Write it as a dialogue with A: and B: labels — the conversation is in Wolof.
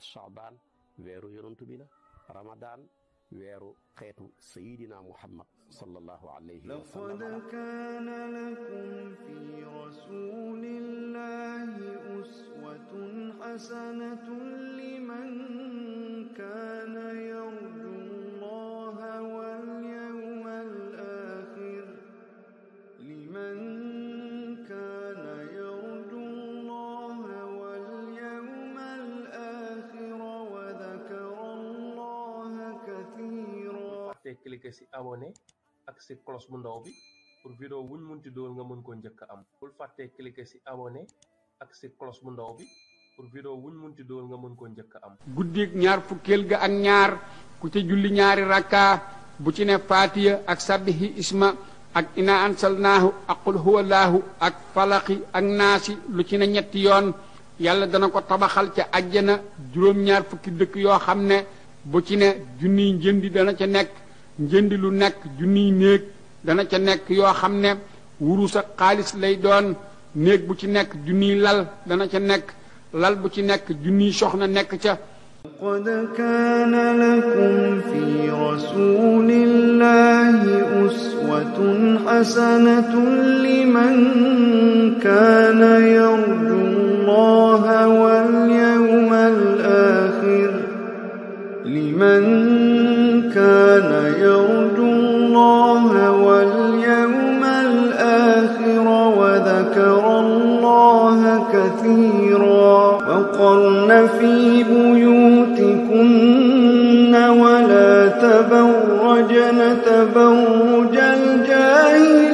A: شعبان ويرو يرنتو بنا رمضان ويرو خيط سيدنا محمد صلى الله عليه وسلم لقد
B: كان لكم في رسول الله أسوة حسنة لمن كان يرى
C: cliquer si abonné ak ci cloche bu ndaw bi pour vidéo wuñ munti dool nga mën ko ñëk am bul fàttee cliquer si abonné ak ci cloche bu ndaw bi pour vidéo wuñ munti dool nga mën ko ñëk
A: am am ak ñaar fukkel ga ak ñaar ku ci julli ñaari rakkaa bu ci né fatiha ak sabbihi isma ak ina ansalnahu ak huwa lahu ak falaqi ak nasi lu ci né ñetti yoon yalla dana ko tabaxal ci aljana juroom ñaar fukki dëkk yo xam bu ci ne junni jëndi dana ca nekk njëndi lu nekk junniy néeg dana ca nekk yoo xam ne wurus ak xaalis lay doon néeg bu ci nekk junniy lal dana ca nekk lal bu ci nekk junniy soxna nekk
B: ca قد كان لكم في رسول الله أسوة حسنة لمن كان يرجو الله واليوم الآخر لمن كان يرجو الله واليوم الآخر وذكر الله كثيرا وقرن في بيوتكن ولا تبرجن
A: تبرج الجاهلية